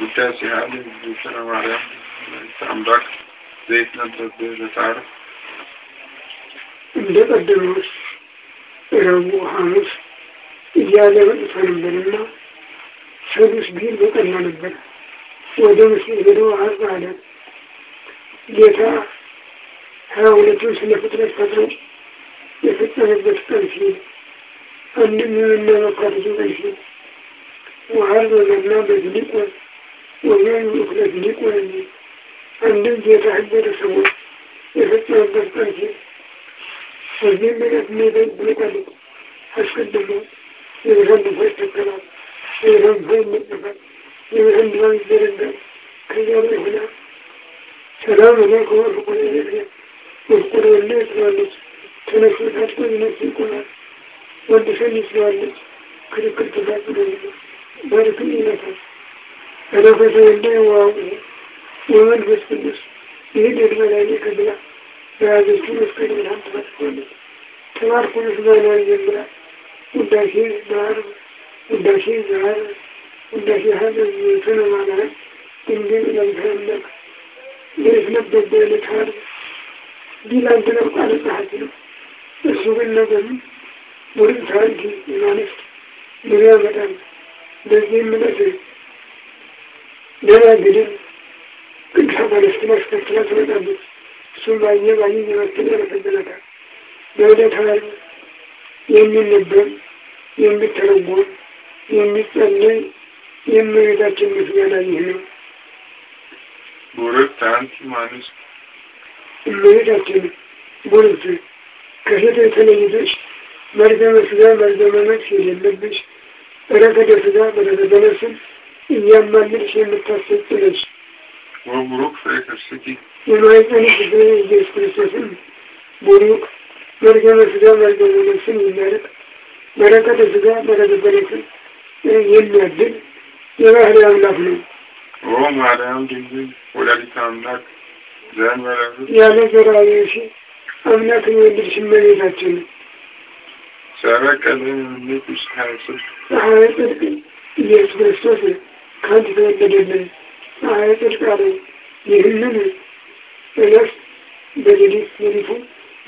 التاسعة من السنة وعليهم التعمرك زيت نبدأ بيجة تعرف بدأ الدروس ربو حانس إيالة وإنسان بلنا سلس بير بطلنا نبدأ ودرس إيالو عرض على جيتا هاولة توس لفترة فترة لفترة فترة فيه أنني من نوع قرض وعرض لنا بذلك ወያን ምክንያት ይቆያል። አንድም ጌታ ህብረተሰቦች የፈጠረበት ቃል በዚህ ምክንያት ሜዳን ብለቃል አስቀድሞ የብርሃን ፎ ይተከላል። የብርሃን ፎ ይመጠፋል። የብርሃን ድባብ ይዘረጋል። ከዚያ ላይ ሆና ሰላም ሆና ከወርቁን ኢትዮጵያ ወርቁን ወላ ትላለች። ተነሱ ታጥቆ ይነሱ ይቆላል። ወንድ ሰን ይስለዋለች። ክርክር ተጋጥሎ በርክም ይነሳል። በመንፈስ ወልደ ዋውቁ ወመንፈስ ቅዱስ ይህን የድመላይ ከብላ በያዘች መስቀል ብርሃን ተመጥቆለች። ተባርኩ ምስጋናን ጀምራ ውዳሴ ባህር ውዳሴ ዛህር ውዳሴ ሀዘዝ ተለማናረ እንዲም ለምተመቅ የስነበደ ልታር ዲላን ቃለ ጸሐፊ ነው። እሱ ግን ነገም ወደ ታሪክ ማለት ንሪያ መጣም በዚህም ምለት Neden biri insanlar üstüne sıkıntıya söylendi. Sullahi yemeği yemektini yemektini Böyle tarih yemin libben, yemin terebbun, yemin tenne, yemin yüdatin müfiyeleyhine. Buruk tanti manus. Müdatin, buruktu. Kaşede teleyidiş, merdeme suda merdeme meksiyelenmiş. Erekede suda merdeme meksiyelenmiş. እያማለች የምታስፈጽመች ወቡሩክ ፍሬከርስኪ ኢየሱስ ክርስቶስን ቡሩክ መርገመ ሥጋ መርገመ ነፍስን በረከተ በረከተ ነፍስን የሚያድል የባህሪ አምላክ ነው። ኦ ማርያም ድንግል ወላዲተ አምላክ ዘእንበለ ያለ ነው። ጽድቅ ኢየሱስ ክርስቶስ ከአንድ ተወለደልን ፀሐየ ጽድቅ አለኝ። ይህንን ዕለት በሌሊት ሌሊቱ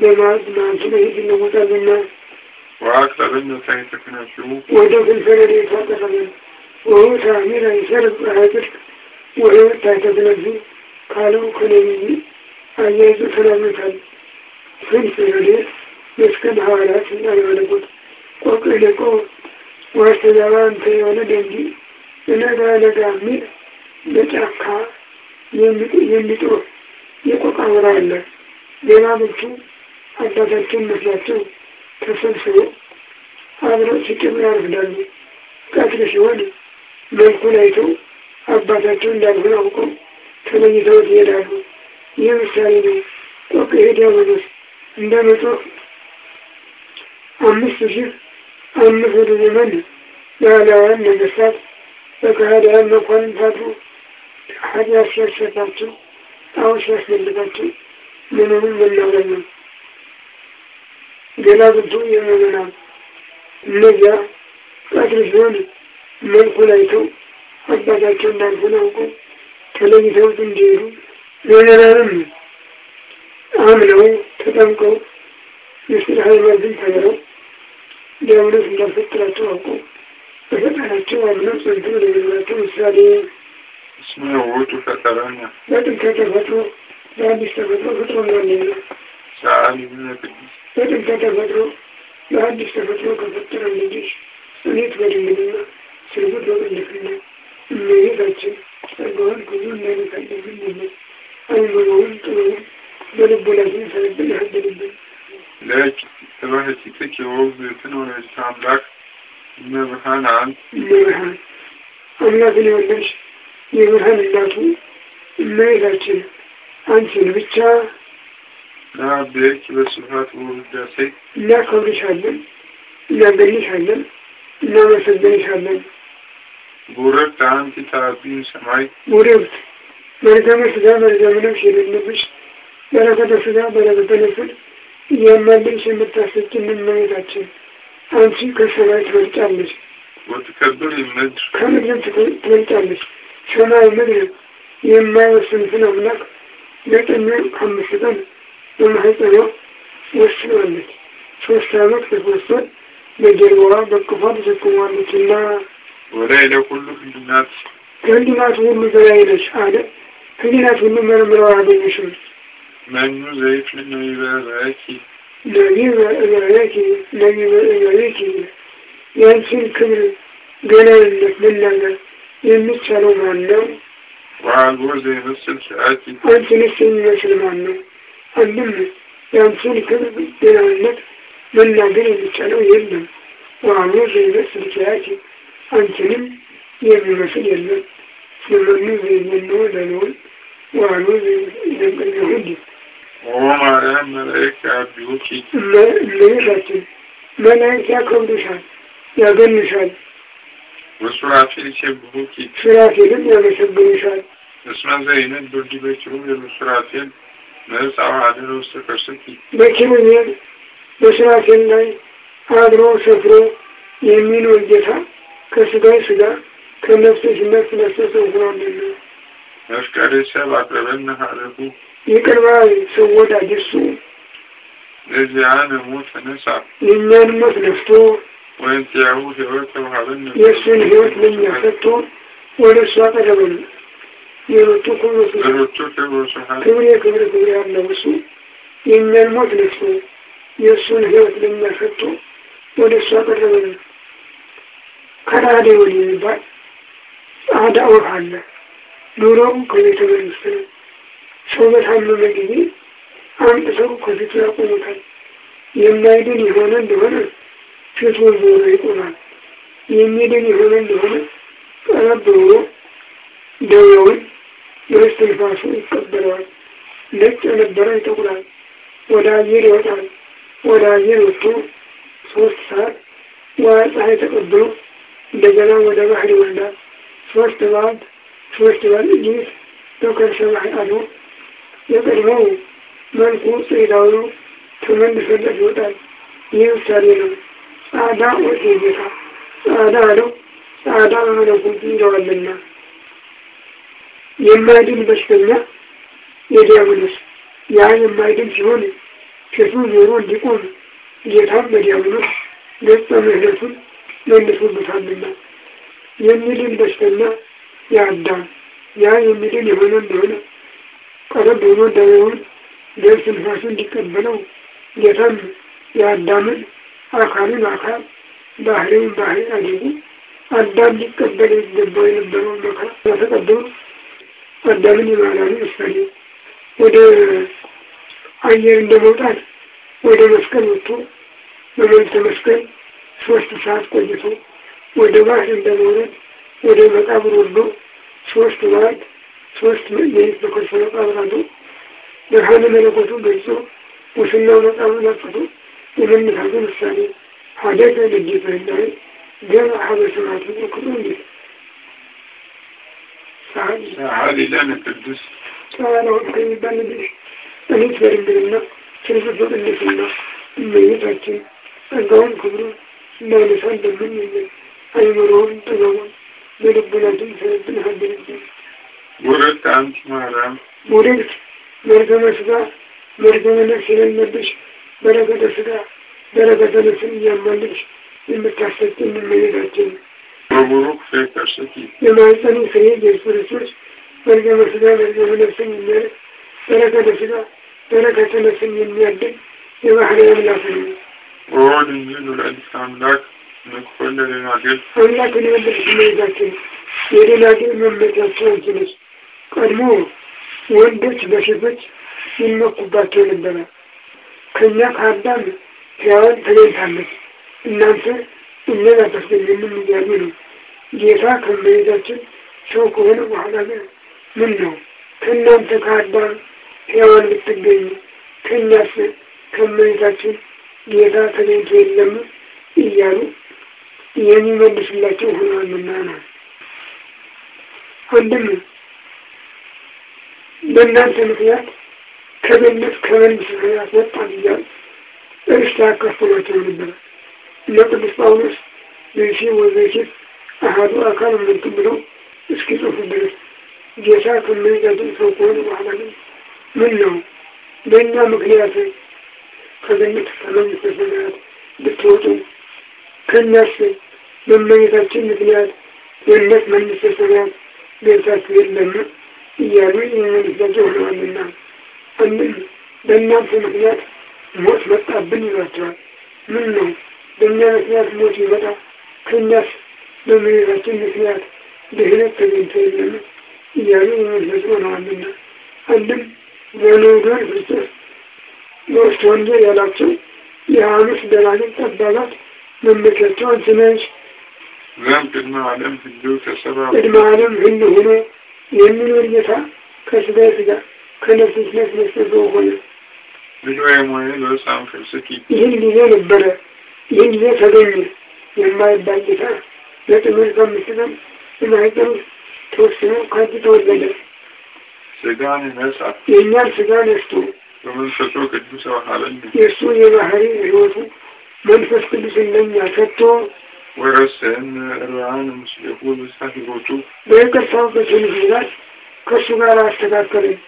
በማዕድ ማዕቱ በሄድ ይለወጣልና وأكثر النساء تكنشوا وده في الفرد يتعتقد وهو تعمير يسرب عاتق وهو تعتقد قالوا كلمي أيز سلامتان في الفرد يسكن حالات الأيوانكوت وقلقوا واستجابان في ولد الجيل ለነጋ ነጋ የሚል በጫካ የሚጦር የቆቃ አውራ አለ። ሌላ ምቹ አባታቸውን መስላቸው ተሰብስበው አብረው ሲቅም ያርፍዳሉ። ቀትር ሲሆን መልኩን አይተው አባታቸው እንዳልሆነ አውቀው ተለይተውት ይሄዳሉ። ይህ ምሳሌ ነው። ቆቅ ሄዳ መኖር እንደ መቶ አምስት ሺህ አምስት ወደ ዘመን ባህላውያን ነገስታት መኳንን መኮንንታቱ ኃጢአት ሲያሰታቸው ጣዖት ሲያስፈልጋቸው ምኑንም እናውራለን። ገላግቱ የምዕመናን እነዚያ ቀድር ሲሆን መልኩ ላይተው አባታቸው እንዳልሆነ አውቀው ተለይተውት እንዲሄዱ ምዕመናንም አምነው ተጠምቀው የስለ ሃይማኖትን ተምረው ዲያብሎስ እንዳልፈጠራቸው አውቀው نتوى بنفس الجود إلا تنسى اسمي ووتو فترانيا لكن كتفتو لأن استفتو فترو لأنينا سعاني من القديس لكن كتفتو لأن استفتو كفتر النجيش أنيت بدمنا سيبت وبندقنا إما يذاتي أبوهن كذلنا لكي مننا أي مروهن كذلنا بلب لكن فلبنا حد لبنا لكن تبعتي تكي ووزي تنوى الاستعملاك መብርሃን መብርሃን አምላክን የወለድሽ የብርሃን እናቱ እመቤታችን አንቺን ብቻ ለአብች በስብሐት ወውዳሴ እናከብርሻለን፣ እናገኝሻለን፣ እናመሰግንሻለን። ቡርክት አንቲ ተአቢ እምሰማይ ቡርክት መርገመ ሥጋ መርገመ ነፍስ የሌለብሽ በረከተ ሥጋ በረከተ ነፍስ እያማለልሽ የምታሰጭን እመቤታችን Antika sanayi görkemdir. Kanıca görkemdir. Sanayi nedir? Yemmeğe sınıfına bırak. Yetenmeğin kanlısından Dolayısıyla yok. Nasıl öldük? Sosyallık nüfusu ve gelboğa ve kufadızı kullandıkında Vereyle kullu hücumlar Kendine kullu vereyle şahane Kendine kullu mermer var demişim Mennü zeyfin ve vereki ለሚመሬት ያንቺን ክብር ገናንነት መናገር የሚቻለው ማን ነው? አንቺንስ የሚመስል ማን ነው? አንድም የአንቺን ክብር ገናንነት መናገር የሚቻለው የለም። ዋኖዝ ይመስል ኪያኪ አንቺንም የሚመስል የለም። ስለመኑ ዘይመኖ ለለውን ዋኖዝ ይነቅል ይሁንዲህ ወማርያ መላይካ ቢውጪ ለእህታችን መላይክ ያከብዱሻል፣ ያገኑሻል። ወሱራፊል ይሴብሑኪ ሱራፊልም ያመሰግኑሻል። እስመ ዘኢነብር ዲበኪሩም ለሱራፊል መጻው አድሮ ስከርስኪ በኪሩቤል በሱራፊል ላይ አድሮ ሰፍሮ የሚኖር ጌታ ከስጋይ ስጋ ከነፍስሽ ነፍስ ነፍሰ ሆኗልና መፍቀሬ ሰብ አቅረበን የቅርባዊ ሰው ወዳጅ እርሱ ለዚያን ሞት ተነሳ የእኛን ሞት ወንቲያሁ ህይወት ውሃልን የእሱን ህይወት ለእኛ ሰጥቶ ወደ እሱ አጠገበን የሮቱ ክብሮቱ ክብር ያለው እሱ የእኛን ሞት የእሱን ህይወት ለእኛ ሰጥቶ ወደ እሱ አቀረበን። የሚባል ጸዓዳ ወፍ አለ። ኑሮው ከቤተ መንግስት ነው። ሰው በታመመ ጊዜ አንድ ሰው ከፊቱ ያቆሙታል። የማይድን የሆነ እንደሆነ ፊቱ ዞሮ ይቆማል። የሚድን የሆነ እንደሆነ ቀረብ ብሎ ደዌውን በእስትንፋሱ ይቀበለዋል። ነጭ የነበረ ይጠቁራል፣ ወደ አየር ይወጣል። ወደ አየር ወጥቶ ሶስት ሰዓት ውሃ ፀሐይ ተቀብሎ እንደገና ወደ ባህር ይወልዳል። ሶስት ባት ሶስት ባል ጊት ተከርሰ ባህር አድሮ የቀድሞው መልኩ ጽላዩ ተመልሶለት ይወጣል። ይህ ምሳሌ ነው። ጻዳ ወደ ጌታ ጻዳ አለው። ጻዳ በመለኮቱ ይለዋልና የማይድን በሽተኛ የዲያብሎስ ያ የማይድን ሲሆን ፊቱ ዞሮ እንዲቆም ጌታም በዲያብሎስ ገጸ ምሕረቱን መልሶበታልና የሚድን በሽተኛ የአዳም ያ የሚድን የሆነ እንደሆነ ቀረብ ብሎ ደዌውን ደም ትንፋሹን እንዲቀበለው ጌታም የአዳምን አካሉን አካል ባህሪውን ባህሪ አድርጎ አዳም ሊቀበል ይገባው የነበረውን መከራ ተቀብሎ አዳምን የማዳኑ ምሳሌ ወደ አየር እንደ መውጣት ወደ መስቀል ወጥቶ በመልዕልተ መስቀል ሶስት ሰዓት ቆይቶ ወደ ባህር እንደ መውረድ ወደ መቃብር ወርዶ ሶስት ሰዓት ሶስት የህዝብ ተኮሰ ነጻ መውጣቱ ብርሃነ መለኮቱ ገልጾ ሙስናው ነጻ መውጣቱ የመነሳቱ ምሳሌ ሀደገ ልጌታ ህናይ ገና ሀበሰራት ክሩ እንዲል ሰዓሊ ለነ ቅዱስ ጫላውን ከሚባል እንግዲህ እኔት በድንግልና ክርስቶስ በቅድስና እመቤታችን ጸጋውን ክብሩ እናነሳ እንደምን የሚል አይምሮውን ጥበቡን በልቡናችን ሰብን ሀደንብን Murat Antmara. Murat Merdanası'da Merdanana silinmemiş. Berekadası'da Berekadası'nın yanmamış. İmmi kastettin mi meydattin. Roburuk ve kastettin. Yemeğistan'ın seyi geçmesiz. Merdanası'da Merdanası'nın yanmamış. Berekadası'da Berekadası'nın yanmamış. Yemeğistan'ın yanmamış. Rolün yüzül edip anlak. Nukollerin adet. Anlak ünlü bir meydattin. Yerilerdi memlekatçı oldunuz. ቀድሞ ወንዶች በሴቶች ይመኩባቸው ነበረ። ከእኛ ከአዳም ሕያዋን ተገኝታለች እናንተ እኛን አታስገኙም እያሉ ነው። ጌታ ከእመቤታችን ሰው ከሆነ በኋላ ግን ምን ነው ከእናንተ ከአዳም ሕያዋን ብትገኙ ከእኛስ ከእመቤታችን ጌታ ተገኝቶ የለም እያሉ የሚመልስላቸው ሆኗልና ነው። አንድም በእናንተ ምክንያት ከገነት ከመንግሥተ ምክንያት ወጣን እያሉ እርስታ ያካፈሏቸው ነበረ። እነ ቅዱስ ጳውሎስ ዘይሲ ወዘይሲት አህዱ አካል ምንትን ብለው እስኪ ጽሑፍ ድረስ ጌታ ከመንጋጭን ሰው ከሆነ በኋላ ግን ምን ነው በእኛ ምክንያት ከገነት ከመንግሥተ ሰማያት ልትወጡ ከእናስ በመኘታችን ምክንያት ገነት መንግሥተ ሰማያት ገብታችሁ የለምን? እያሉ የሚመልሳቸው ሆነዋልና አንድ በእናንተ ምክንያት ሞት መጣብን ይሏቸዋል። ምን ነው በእኛ ምክንያት ሞት ይመጣ? ከእኛስ በመሄዳችን ምክንያት ድህነት ተገኝቶ የለም እያሉ የሚመለሱ ሆነዋልና አንድም በኖዶር ክርስቶስ ኖርት ወንጌል ያላቸው የሐኑስ ደናግል ጠባባት መመኪያቸውን ስመሽ ቅድመ ዓለም ሁሉ ተሰራ ቅድመ ዓለም ሁሉ ሆኖ የሚኖር ጌታ ከስጋ ስጋ ከነፍስ ነፍስ መስተዘው ሆነ። ይህን ጊዜ ነበረ ይህን ጊዜ ተገኘ የማይባል ጌታ በጥምር በምስል በማህፀን ተወስኖ ከአንቺ ተወለደ። ስጋን ነሳ የእኛን ስጋ ነስቶ በመንፈሱ ቅዱስ የእሱ የባህሪ ህይወቱ መንፈስ ቅዱስ ለኛ ሰጥቶ ويرسى أن الرعانة مش يقول بسحك الرجوع ويكا صوفة الهيلات كسوغارا استغاثرين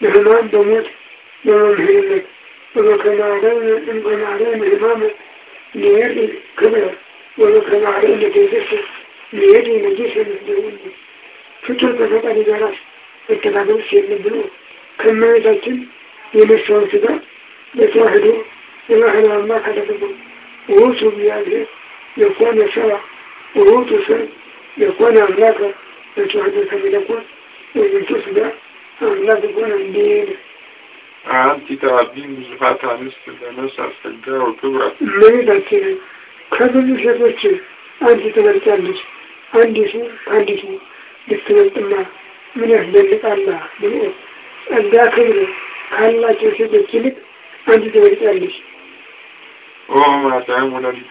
نهمان دموت نمام هيلك ولكن علينا إن كان علينا إمامة ليدي كبيرة ولكن علينا جيدسة ليدي نجيسة مدعوني فكرة فتا لجارات التنابل سيد مدعو كما يزالتين يمسون سدا يتوحدوا إلا حلال ما كان لكم ووصوا بياليه يكون شرع وروت شيء يكون أملاكا يتحدث من يكون ومن تسدى أملاك يكون الدين عام تعبين زفات عن مثل ناس الفجار وكبرة ماذا ترى كذل شفتش أنت تمرتلش أنت شو أنت شو لتمرتما من أهل الله بالأرض الداخل ካላቸው ሴቶች ይልቅ አንድ ትበልጫለሽ ኦ ማርያም ወላዲተ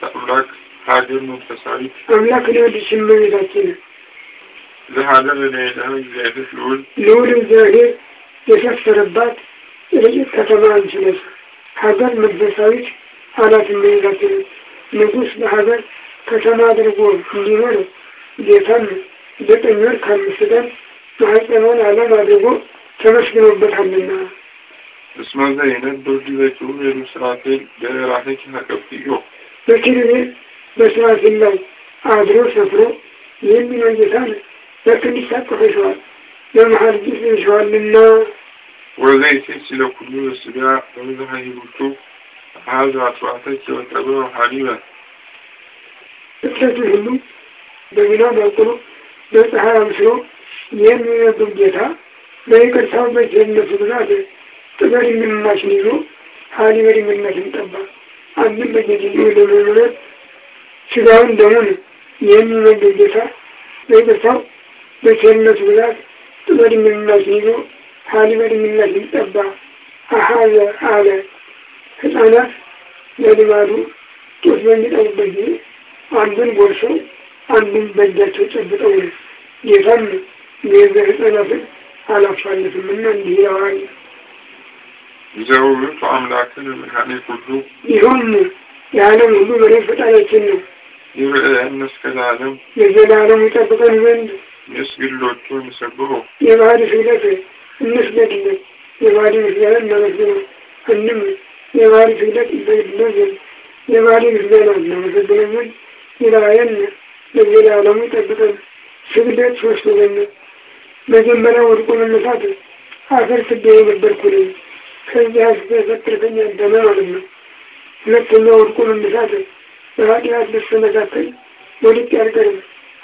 ሀገር መንፈሳዊ አምላክ ወድሽም በቤታችን ለሀገር ለሌላም እግዚአብሔር ልዑል ልዑል እግዚአብሔር የሰፈረባት ጥልቅ ከተማ አንቺ ሀገር መንፈሳዊች አላት እመቤታችን። ንጉስ ለሀገር ከተማ አድርጎ እንዲኖር ጌታን ዘጠኝ ወር ከአምስት ቀን ማኅፀኗን ዓለም አድርጎ ተመስግኖበታልና። እስመ የነበር ጊዜ ጭሩ የምሥራቴል ለራሴ ኪሳቀብዮ በኪሪቤል በስራዝን ላይ አድሮ ሰፍሮ የሚለው ጌታ በክንድ ታቅፎ ይሸዋል፣ በመሀል ጊዜ ይሸዋልና ወዘይቲ ስለ ኩሉ ስጋ በመዛሂቦቹ አሃዝ አጽዋተች የወጠበ ሀቢበ እክለቱ ሁሉ በሚና በቁሎ በፀሐይ አምስሎ የሚመግብ ጌታ በይቅርታው በጀነቱ ብዛት ጥበል የምንማሽን ይዞ ሀሊበ ሊምነትን ጠባ አንድም በጀጅ ለመመረት ስጋውን ደሙን የሚመልስ ጌታ በይቅርታው በቸርነቱ ብዛት ጥበድ ምላሽን ይዞ ሀሊበድ ምላሽ ሊጠባ አሀዘ አለ። ህፃናት ለልማዱ ጡት በሚጠቡበት ጊዜ አንዱን ጎርሶ አንዱን በእጃቸው ጨብጠው ነ ጌታም የዘ ህፃናትን አላፋለትምና እንዲህ ይለዋል። ይዘው አምላክን መድኃኒት ሁሉ ይሁን የዓለም ሁሉ መሬት ፈጣሪያችን ነው ይብዕለን መስከላለም የዘላለም ይጠብቀን ዘንድ ምስግሎቹ ንሰብሆ የባህሪ ስግደት እንስገድለት ምስጋና ዘንድ ምስጋና ዘንድ ይራየን ለዘላለሙ ይጠብቀን። ስግደት ሶስት መጀመሪያ ወድቆ መነሳት አፈር ትቢያ የነበርኩ ማለት ነው። ወድቆ መነሳት በኃጢአት መካከል ወድቄ ያልቀርም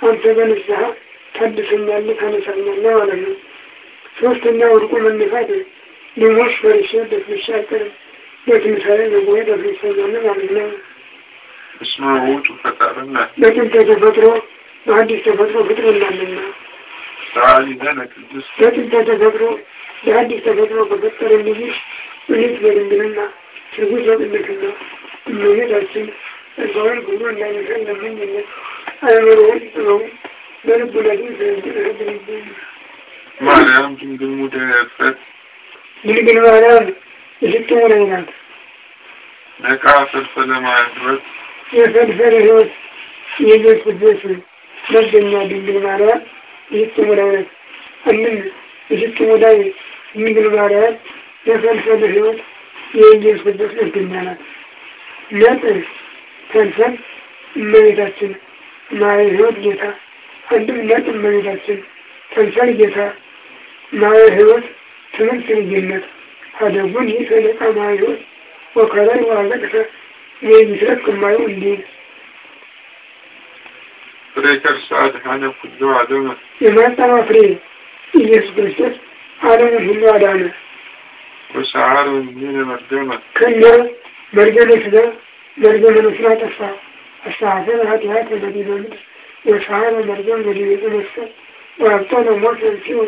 አንተ በንስሐ ታድሰኛለህ ታነጻኛለህ ማለት ነው። ሶስተኛ ወድቁ መነሳት ሊሞሽ ፈርሼ ደፍርሼ አልቀርም በትንሣኤ በጉባኤ ደፍርሰኛለህ ማለት ነው። በጥንተ ተፈጥሮ በአዲስ ተፈጥሮ ፍጥር እንዳለና በጥንተ ተፈጥሮ የአዲስ ተፈጥሮ በፈጠረን ልጅ ብልት በድንግልና ትርጉት በቅድስና እመቤታችን ስጋውን ብዙ እንዳይመስል ለምኝነት አእምሮውን ጥበው በልቡነቱ ማርያም ድንግል ሙደበት ድንግል ማርያም የፍጥሙ ላይ ናት። ነቃ ፈልፈለ ማያድረት የፈልፈለ ህይወት የቤት ልጆች መገኛ ድንግል ማርያም የፍጥሙ ላይ ናት። አምን የፍጥሙ ድንግል ማርያም የፈልፈለ ህይወት የኢየሱስ ክርስቶስ መገኛ ናት። ተንሰን እመቤታችን ማየህይወት ሕይወት ጌታ አንድነት እመቤታችን ተንሰን ጌታ ማየ ሕይወት ትምህርት ልጅነት አደጉን ይህ ሰደቃ ማየህይወት ወከላይ ዋለቅተ ዘይትረክ ማየ እንዲል የማጣማ ፍሬ ኢየሱስ ክርስቶስ ዓለምን ሁሉ አዳነ ወሰዓረ እምኔነ መርገመ ከእኛ መርገመ ሥጋ निर्गुणमनुष्यात् अष्टादनहत्यात् नदीलोलित यथान निर्गुण निर्विघ्नश्च प्राप्तो न मोक्षो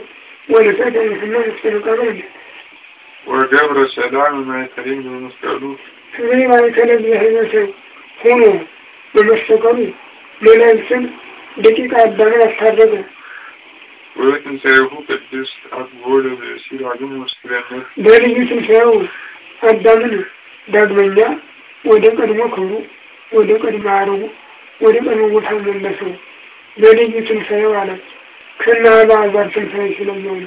और Дебра Шадан имеет временную страну. Вы имеете время من хуну, Мамашкаками, Милянсен, من Абдана Садага. Вы этим серегу подпишет от воли в России, а думаю, что я не... Дали не сенсеу, Абдана, Дагманья, ወደ ቀድሞ ክብሩ፣ ወደ ቀድሞ አረቡ፣ ወደ ቀድሞ ቦታ መለሰው። በልዩ ትንሣኤው አለ ከና አልዓዛር ትንሣኤ ስለሚሆነ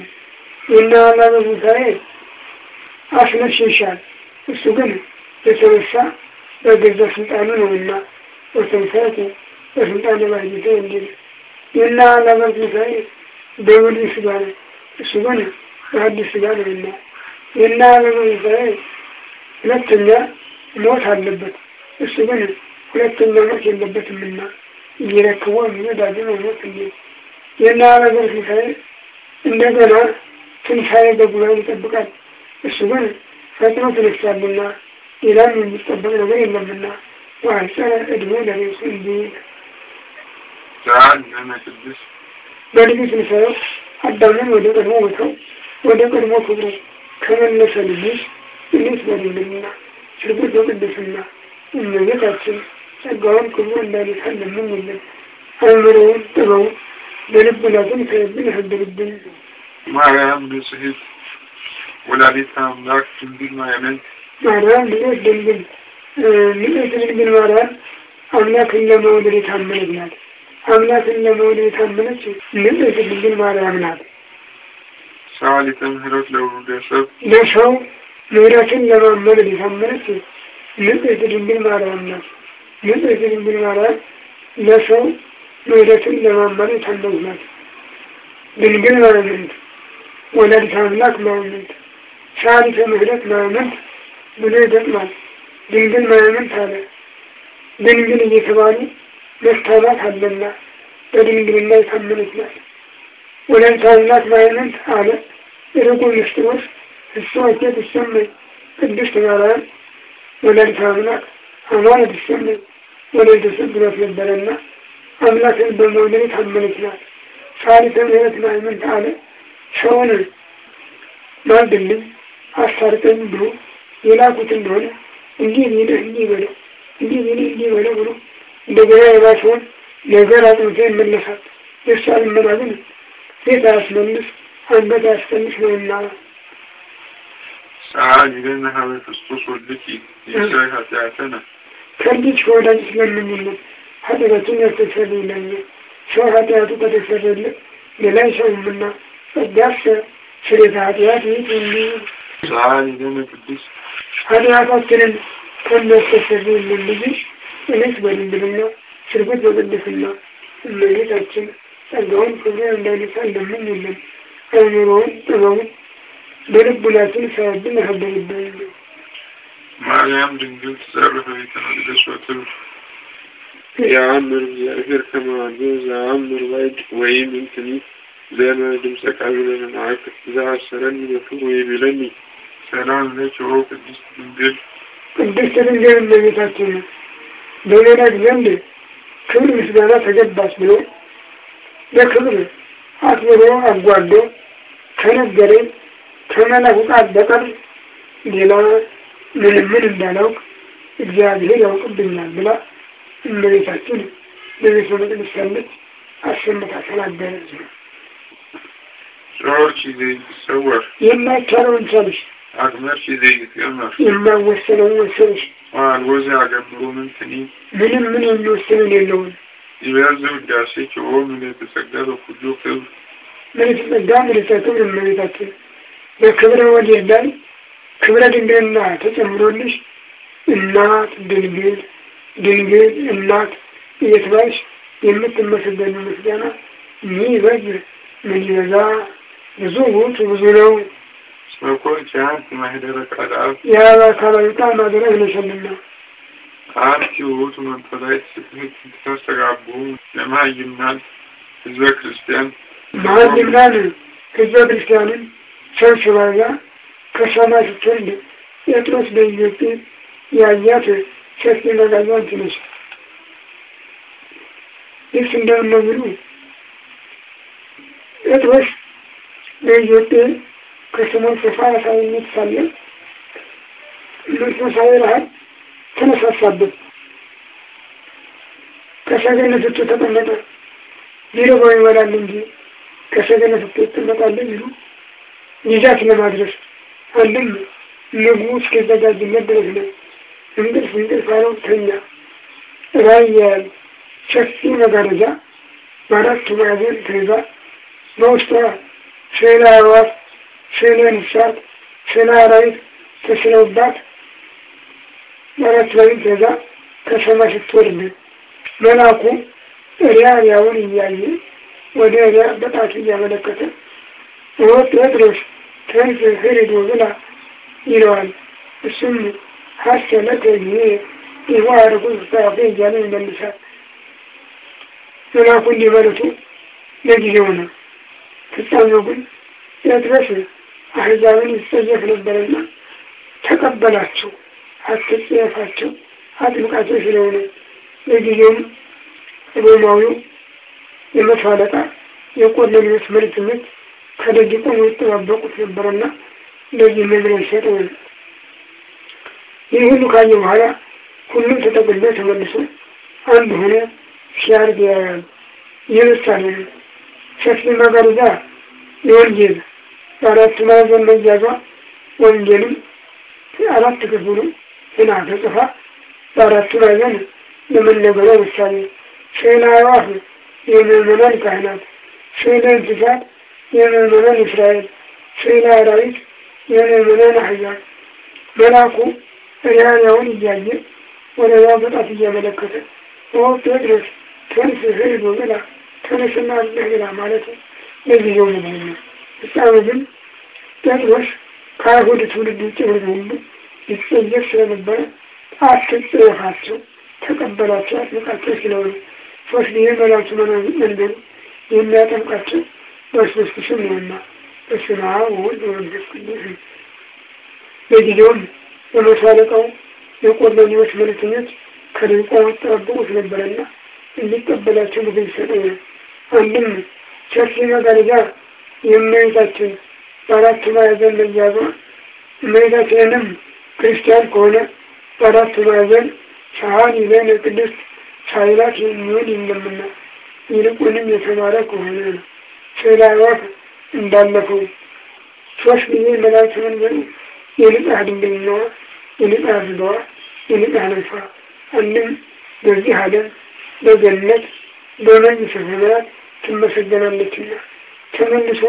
የነ አልዓዛር ትንሣኤ አስነሸሻል። እሱ ግን የተነሳ በገዛ ስልጣኑ ነውና ወተንሳያት በስልጣን ባይጌታ እንዲል የነ አልዓዛር ትንሣኤ በብሉይ ሥጋ ነው። እሱ ግን በአዲስ ሥጋ እና የነ አልዓዛር ትንሣኤ ሁለተኛ ሞት አለበት። እሱ ግን ሁለተኛ ሞት የለበትምና እየረክቦ ነው ሞት እ የናረገር ትንሣኤ እንደገና ትንሣኤ በጉባኤ ይጠብቃል። እሱ ግን ፈጥኖ ተነስቷልና ሌላም የሚጠበቅ ነገር የለምና ዋሕፀረ እድሜ ለሬሱ እንዲል በልዩ ትንሣኤ አዳምን ወደ ቀድሞ ቦታው ወደ ቀድሞ ክብሩ ከመለሰ ልጅ እንዴት በሌለምና ስርጉድ በቅድስና እመቤታችን ጸጋውን ክብሩን እንዳይነሳን ለምንለት አእምሮውን ጥበው ለልቡናቱን ከየብን ያሳድርብን። ማርያም ንጽሕት ወላዲተ አምላክ ድንግል ማርያምን ማርያም ብሎት ድንግል ንጽሕት ድንግል ማርያም አምላክን ለመውለድ የታመነች ናት። አምላክን ለመውለድ የታመነች ንጽሕት ድንግል ማርያም ናት። ሰዓሊተ ምሕረት ለሁሉ ለሰው ዘውዳችን ለማመን ቢዘምንስ ንጽሕት ድንግል ማርያም ናት። ንጽሕት ድንግል ማርያም ለሰው ዘውዳችን ለማመን የታለች ድንግል ማመንት፣ ወላዲተ አምላክ ማመንት፣ ሳሊተ ምሕረት ማመንት ብሎ ይገጥማል። ድንግል ማመንት አለ። ድንግል እየተባሉ መታናት አለና በድንግልና የታመነች ናት። ወላዲተ አምላክ ማመንት አለ። ርቁ ምስጢሮስ እሷ ሴት ትሰመኝ ቅድስት ማርያም ወላዲተ አምላክ አማረ ትሰመኝ ወለተ ስንት ነበረና አምላክን በመውደድ ታመነች ናት። ሳሊተ ምሕረት ማይመን አለ ሰውን ማልድልኝ አስታርቀኝ ብሎ የላኩት እንደሆነ እንዲህ ቢልህ እንዲህ በለው እንዲህ ቢልህ እንዲህ በለው ብሎ እንደገና የባሰውን ነገር አጥንቶ ይመለሳል። የእሷ ልመና ግን ቤት አያስመልስ አንገት አያስቀንስ ነውና ሰዓሊለነ ሀበ ክርስቶስ ወልኪ የሻይ ኃጢአተነ ከልጅ ከወዳጅ ስለምንነት ኃጢአቱን ያስተሰረ ሰው ኃጢአቱ ከተሰረለ ለላይ ሰውምና ጸዳሰ ስሬተ ኃጢአት ይት የሚሆን ሰዓሊለነ ቅድስት ኃጢአታችንን ከሚያስተሰረ የለን ልጅሽ እኔት በድንግልና ስርጉት በቅድስና እመቤታችን ጸጋውን ክብሩን እንዳይነሳ እንደምን አእምሮውን ጥበቡን በልቡናችን ሰዎችን አከበሩበት። ማርያም ድንግል ትጸርህ በቤተ መቅደስ ወትሩፍ የአእምር እግዚአብሔር ከመዋዶ ዘአእምር ባይድ ወይም እንትኒ ዘነ ድምፀ ቃሉ ለመማዕቅ ዘአሰረኒ በክብር ወይቤለኒ ሰላም ለኪ ኦ ቅድስት ድንግል ቅድስት ድንግል እመቤታችን በሌላች ዘንድ ክብር ምስጋና ተገባች ብሎ ለክብር አክብሮ አጓዶ ከነገረኝ ከመነፍቃት በቀር ሌላ ምን ምን እንዳላውቅ እግዚአብሔር ያውቅብኛል ብላ እመቤታችን በቤተ መቅደስ ሳለች አሰምታ ተናገረች ነው። የማይቻለውን ቻልሽ የማይወሰነውን ወሰንሽ አልወዛ ገምሮ ምንትኒ ምንም ምን የሚወስንን የለውን ይበዝ ውዳሴ ችቦ ምን የተጸጋ በኩሉ ክብር ምን የተጸጋ ምን የተክብር እመቤታችን በክብረ ወልድ ላይ ክብረ ድንግልና ተጨምሮልሽ እናት ድንግል ድንግል እናት እየተባልሽ የምትመሰገኑ ምስጋና ሚበግ ምንበዛ ብዙ ውጡ ብዙ ነው። ጽኮች ያንት ማህደረ ቃልአብ የአባካላዊታ ማደረ ግለሸልና አብቲ ውጡ መንፈሳዊት ስፍት ተስተጋቡ ለማይናል ህዝበ ክርስቲያን ማይናል ህዝበ ክርስቲያንን ሰልፍ በዛ ከሰማይ ስትወርድ ጴጥሮስ በኢዮጴ ያያት ሰፊ መጋዛን ትነች። ይህ እንደምነግሩ ጴጥሮስ በኢዮጴ ከስምዖን ፈሪሳዊነት ሳለ መንፈሳዊ ረሃል ተነሳሳበት። ከሰገነት ተቀመጠ። ቢርበው ይበላል እንጂ ከሰገነት ይቀመጣል ይሉ ይዛት ለማድረስ አንድም ምግቡ እስኪዘጋጅ መድረስ ነው። እንቅልፍ እንቅልፍ አለው ተኛ። ራያ ሰፊ መጋረጃ በአራቱ ማዕዘን ተይዛ በውስጧ ስዕለ አዕዋፍ፣ ስዕለ እንስሳት፣ ስዕለ አራዊት ተስለውባት በአራት ሌሊት ተይዛ ከሰማይ ስትወርድ መልአኩ ሪያ ሪያውን እያየ ወደ ሪያ በጣቱ እያመለከተ ወጥ ወጥሮች ተንስ ህርዱ ብላ ይለዋል። እሱም ሀሰ ለከ ይሄ ይሁ አርጉዝ ጻፌ እያለ ይመልሳል። መላኩ እንዲበረቱ ለጊዜው ነው። ፍጻሜው ግን ጴጥሮስ አሕዛብን ይጸየፍ ነበርና ተቀበላቸው፣ አትጸየፋቸው፣ አጥብቃቸው ስለሆነ ለጊዜውም ሮማዊው የመቶ አለቃ የቆለሉት ምርት ምት ከደቂቁ ይጠባበቁት ነበረና እንደዚህ ምድር ይሰጠው። ይህ ሁሉ ካየ በኋላ ሁሉም ተጠቅሎ ተመልሶ አንድ ሆነ ሲያርግ ያያሉ። ይህ ምሳሌ ነው። ሰፊ መጋሪዛ የወንጌል በአራት ማዕዘን መያዟ ወንጌልም አራት ክፍሉ ሄና ተጽፋ በአራቱ ማዕዘን ለመነገሪያ ምሳሌ ስዕለ አዕዋፍ የምዕመናን ካህናት፣ ስዕለ እንስሳት የሚምሉንን እስራኤል ፍሪና ዳዊት የሚምሉንን አህዛብ መልአኩ ሪያንያውን እያየ ወደዛ በጣት እያመለከተ ኦ ጴጥሮስ ተንስ ህዝብ ብላ ተነስና አለህ ብላ ማለት ለጊዜው ምንኝ ነው። ፍጻሜ ግን ጴጥሮስ ከአይሁድ ትውልድ ውጭ ህዝብ ሁሉ ይጸየፍ ስለነበረ አትጸየፋቸው፣ ተቀበላቸው፣ አጥምቃቸው ስለሆነ ሶስት ጊዜ መላቱ መንበሩ የሚያጠምቃቸው በሶስቱ ስም ነውና በስመ አብ ወወልድ ወመንፈስ ቅዱስ። በጊዜውም በመቶ አለቃው መልእክተኞች ከድንቋ ነበረና እንዲቀበላቸው አንድም መጋረጃ የእመቤታችን ማዕዘን እመቤታችንንም ክርስቲያን ከሆነ በአራት ማዕዘን ሳህን ይዘን ቅድስት ሳይላት የሚሆን የለምና ይልቁንም የተማረ ከሆነ ነው። ሰላዋት እንዳለፉ ሶስት ጊዜ መላእክት ግን የንቃህ ድንገኛዋ የንቃህ ዝባዋ የንቃህ ነፍሷ አንም በዚህ ዓለም በገነት በመንግሥተ ሰማያት ትመሰገናለችና ተመልሶ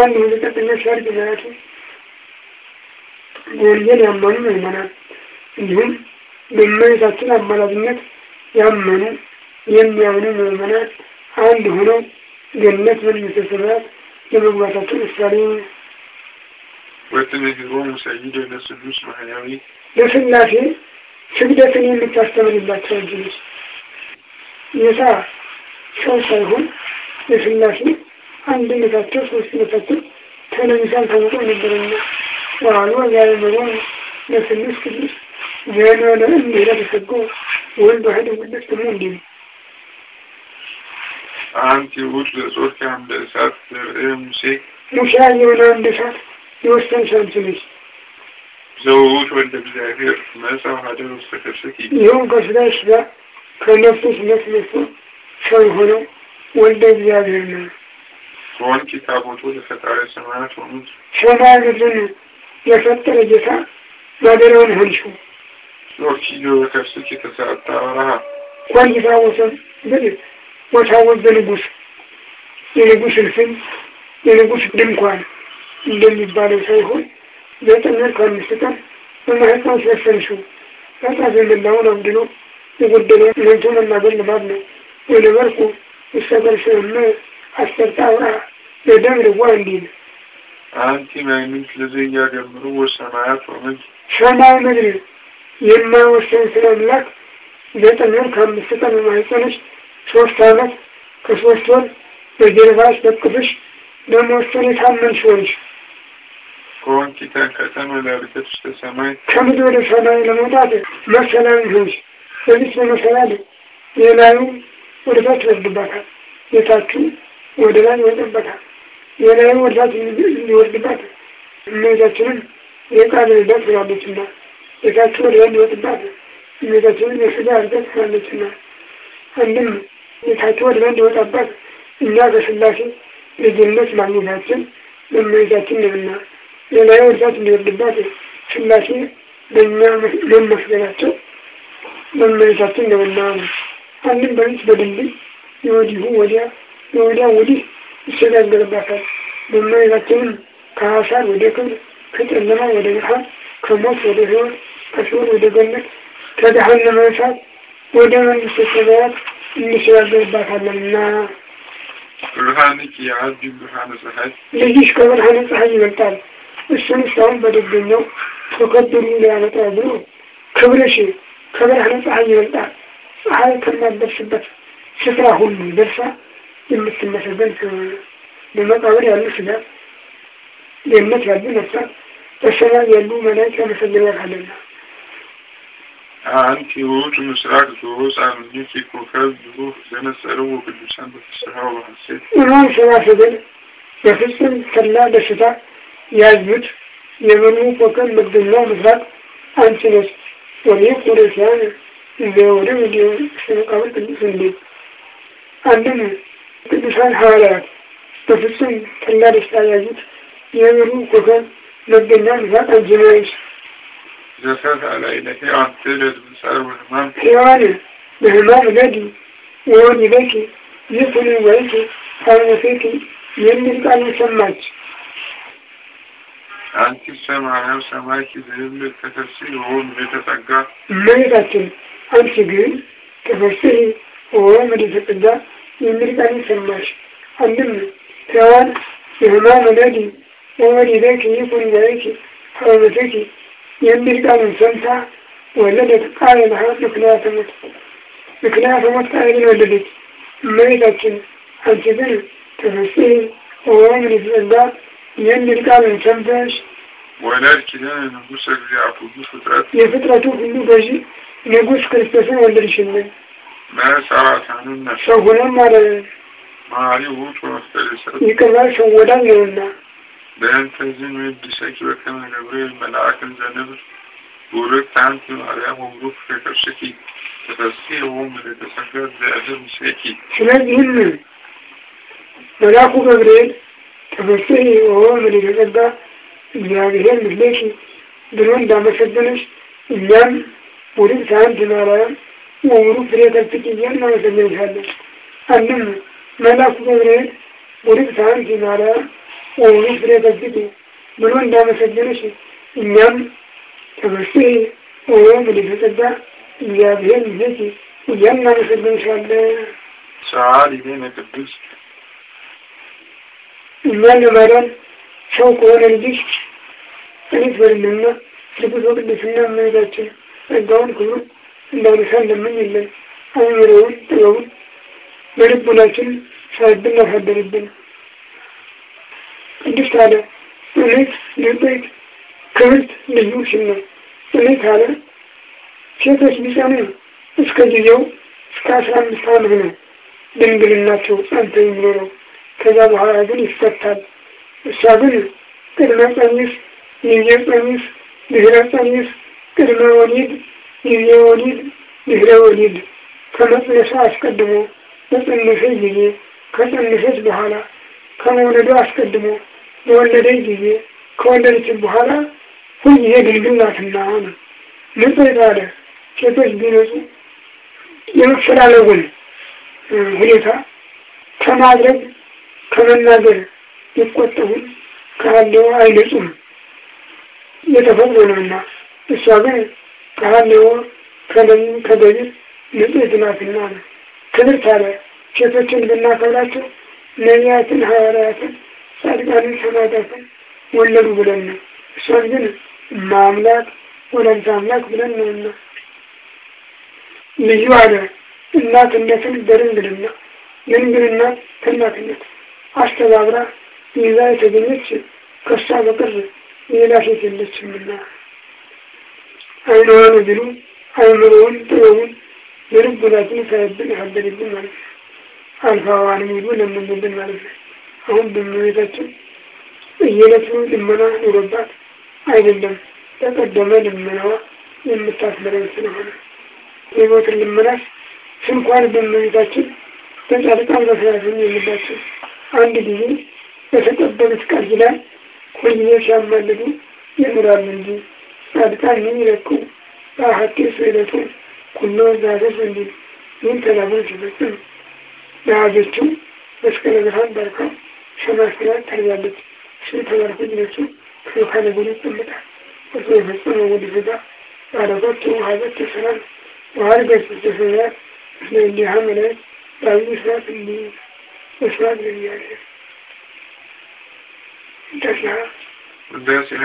አንድ ወደ ሰርግ ዛያቱ መላቱ በወንጌል ያመኑ ምዕመናን እንዲሁም በእመቤታችን አማላጅነት ያመኑ የሚያምኑ ምዕመናን አንድ ሆነው ገነት በልዩ ስብሐት ለመግባታቸው ምሳሌ ሁለተኛ ጊዜሆኑ ሰይድ ለስዱስ ማህያዊ ለስላሴ ስግደትን የምታስተምርላቸው እጅኖች ጌታ ሰው ሳይሆን ለስላሴ አንድነታቸው ሶስትነታቸው ተለይተው ተውጦ ነበርና በዓሉ ዛሬ በመሆኑ ለስሉስ ቅዱስ ዘንበለ እንዲህ ለተሰጎ ወልድ ዋሕድ ውለት ደግሞ እንዲህ ነው። አንቲ ውድ ለጾርኪ አምደ እሳት ዘርእ ሙሴ ሙሴ የሆነው እንደ እሳት የወሰን ሰንት ነች። ዘውት ወደ እግዚአብሔር መጽሐፍ ሀደ ውስጥ ከርስኪ ይኸውም ከስጋሽ ጋር ከነፍሱ ስለት ነፍሱ ሰው የሆነው ወልደ እግዚአብሔር ነው። ወንኪ ታቦቱ ለፈጣሪ ሰማያት ሆኑት ሰማያ ምድርን የፈጠረ ጌታ ማደሪያውን ሆንሹ ሎርኪ ሎ ከርስኪ ተሳጣ ረሃ ቆይታ ወሰን ብድት ወታወዝ በንጉስ የንጉስ እልፍኝ የንጉስ ድንኳን እንደሚባለው ሳይሆን ዘጠኝ ወር ከአምስት ቀን በማህፀን ሲያፈልሰው ኃጢአት የመላውን አምድኖ የጎደለውን ሞልቶ መናገር ልማድ ነው። ወነበርኩ እስተበርስም አሰርተ አውራ በደም ልዋ አንቲ ማይምንት ደምሩ ወሰማያት ወምድ ሰማይ ምድር የማይወሰን ስለ አምላክ ዘጠኝ ወር ከአምስት ቀን ሶስት አመት ከሶስት ወር በጀርባሽ በቅፍሽ ለመወሰን የታመንሽ ሆንሽ። ከወንጭታ ከተማ ለርገች ተሰማይ ከምድር ወደ ሰማይ ለመውጣት መሰላዊ ሆንሽ። በዚህ በመሰላል የላዩ ወደ ታች ይወርድባታል፣ የታቹ ወደ ላይ ይወርድባታል፣ የላዩ ወደ ታች ይወርድባት። እመቤታችንም የቃል ልደት ትላለችና የታቹ ወደ ላይ ይወርድባት። እመቤታችንም የስጋ ልደት ትላለችና አንድም ጌታችን ወደ ዘንድ የወጣባት እኛ በስላሴ ልጅነት ማግኘታችን መመኘታችን ነውና ሌላዊ ወደታች እንዲወርድባት ስላሴ በእኛ መመስገናቸው መመኘታችን ነውና አንድም በፊት በድልድይ የወዲሁ ወዲያ የወዲያ ወዲህ ይሸጋገርባታል። መመኘታችንም ከሐሳብ ወደ ክብር፣ ከጨለማ ወደ ብርሃን፣ ከሞት ወደ ሕይወት፣ ከሲኦል ወደ ገነት፣ ከገሃነመ እሳት ወደ ሰማያት ትንሽ ያዘባታልና ብርሃንኪ የአብድ ብርሃነ ፀሐይ ልጅሽ ከብርሃነ ፀሐይ ይበልጣል። እሱን እስካሁን በደገኛው ተከብሩ ሊያመጣው ብሎ ክብርሽ ከብርሃነ ፀሐይ ይበልጣል። ፀሐይ ከማደርስበት ስፍራ ሁሉ ደርሳ የምትመሰገን ለመቃብር ያሉ ስጋ ገነት ያሉ ነፍሳት በሰማይ ያሉ መላእክት ያመሰግናታልና أعنتي وروج مساعد دروس عن مدينتي كوكاب دروس زينا سألوه باللسان بفسرها وبحسيت إمام شرافة بفسر كلا بشتاء يزبط يبنو كوكاب بدلنا مزرق أنتنس وليق ورسان زوري وديو شنقاوة بالسندي عندنا كدسان حالات بفسر كلا بشتاء يزبط يبنو كوكاب بدلنا مزرق أنتنس ዘፈፍ አላይለቲ አንተ ለዝምሳር ወልማን ሕያዋን በህማም ገድ የሆን ይበቂ ይፍን ወይቂ ታነሴቲ የሚል ቃል ሰማች። አንቲ ሰማያው ሰማይኪ ዝህብል ተፈሲ ሆም የተጠጋ እመቤታችን አንቺ ግን ተፈሲ ሆም የተጠጋ የሚል ቃል ሰማች። አንድም ሕያዋን የህማም ገድ የሆን ይበቂ ይፍን ወይቂ ታነሴቲ يلي قال انسلتا ولدت قال الحوت مكنات موت مكنات موت قال لي ولدت ميتا تشن انت بل تفسير وامر في الله يلي قال انسلتاش ولكن انا نقول لك يا ابو يا فتره تو في النوبه جي نقول لك يا ما سارت عن النفس شو هو ما عليه هو تو مختلف يكرر شو بهم تزن بشكل كما جبريل الملائكة الجانبة وردت عنك وعليهم رفك كشكي تفسيرهم لتسكت بأثر شكي ስለዚህ ይህንን መልአኩ ገብርኤል ተፈስሒ ወወም ለተጸጋ እግዚአብሔር ምስሌኪ ብሎ እንዳመሰገነች እኛም ውድብት አንድ ማርያም ወሙሉ ፍሬ ተብትቂ እያል እናመሰግንሻለን። አንድም መልአኩ ገብርኤል ውድብት አንድ ማርያም ፍሬ ሲደረግጥ ምኑ እንዳመሰገነሽ እኛም ተመስይ ወይም ምልተጸጋ እግዚአብሔር ይዘት እያም እናመሰግንሻለን። ሰዓሊ ቤነ ቅዱስ እኛን ለማዳን ሰው ከሆነ ልጅሽ እኔት በልንና ልቡት በቅድስና እመቤታችን ጸጋውን ክብሩን እንዳውልሳን ለምኝለን አእምሮውን ጥበቡን በልቡናችን ሳያድን ያሳደርብን ቅድስት አለ እሌት ልቤት ክብርት ልዩ ሲል ነው። እሌት አለ ሴቶች ቢጸኑ እስከ ጊዜው እስከ አስራ አምስት ዓመት ነው ድንግልናቸው ጸንተው የሚኖረው። ከዛ በኋላ ግን ይፈታል። እሷ ግን ቅድመ ጸኒስ፣ ጊዜ ጸኒስ፣ ድህረ ጸኒስ፣ ቅድመ ወሊድ፣ ጊዜ ወሊድ፣ ድህረ ወሊድ ከመጽነሷ አስቀድሞ በጸነሰች ጊዜ ከጸነሰች በኋላ ከመውለዷ አስቀድሞ የወለደኝ ጊዜ ከወለደችን በኋላ ሁልጊዜ ድንግል ናትና ነው። ንጹሕ የተባለ ሴቶች ቢነጹ የመፈላለጉን ሁኔታ ከማድረግ ከመናገር ቢቆጠቡን ከሀሌዋ አይነጹም የተፈጥሮ ነውና፣ እሷ ግን ከደም ከደቢር ንጽሕት ናትና ነው። ትምህርት አለ ሴቶችን ብናከብራቸው ነቢያትን ሐዋርያትን ጻድቃንን ሰማዕታትን ወለዱ ብለን ነው። እሷን ግን ማምላክ አምላክ ወላዲተ አምላክ ብለን እና ልዩ አለ እናትነትን በድንግልና ድንግልና ከእናትነት አስተባብራ ይዛ የተገኘች ከሷ በቀር ሌላ ሴት የለችምና አይኗን እግሩ አይምሮውን ጥበቡን የልቡናችን ሳይብን ያሳደግብን ማለት ነው። አልፋዋን ሙሉ ለምንብን ማለት ነው። አሁን በእመቤታችን በየዕለቱ ልመና ኑሮባት አይደለም ተቀደመ ልመናዋ የምታስመረን ስለሆነ የሕይወትን ልመናስ ስንኳን በእመቤታችን በጻድቃን በሰማዕታት የምላቸው አንድ ጊዜ በተቀበሉት ቃል ኪዳን ሁልጊዜ ሲያማልዱ ይኖራሉ እንጂ ጻድቃን ምን ይለቁ በአሐቴ ስእለቱ ኩሎ ዛዘፍ እንዲል ይህን ተናግሮ ሲፈጽም ለያዘችው መስቀለ ብርሃን ባርካው ሸማፍያ ታያለች። ሴት ያልሆነችው ሴት አለመሆኗን ጠብቃ እሱ የፈጸመው ውንድፍና ባለፈቱ ሀዘት ሀገት ወአልገስ ዘሰባት እስለ እንዲሃ መላእክት በአብይ እሳት እንዲ መስራት ለሚያለ ደስ ይላል።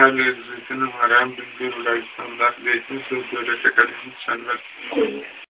ሀለ እግዝእትነ ማርያም ድንግል ወላዲተ አምላክ ዘይትም ስብሐት ሰንበት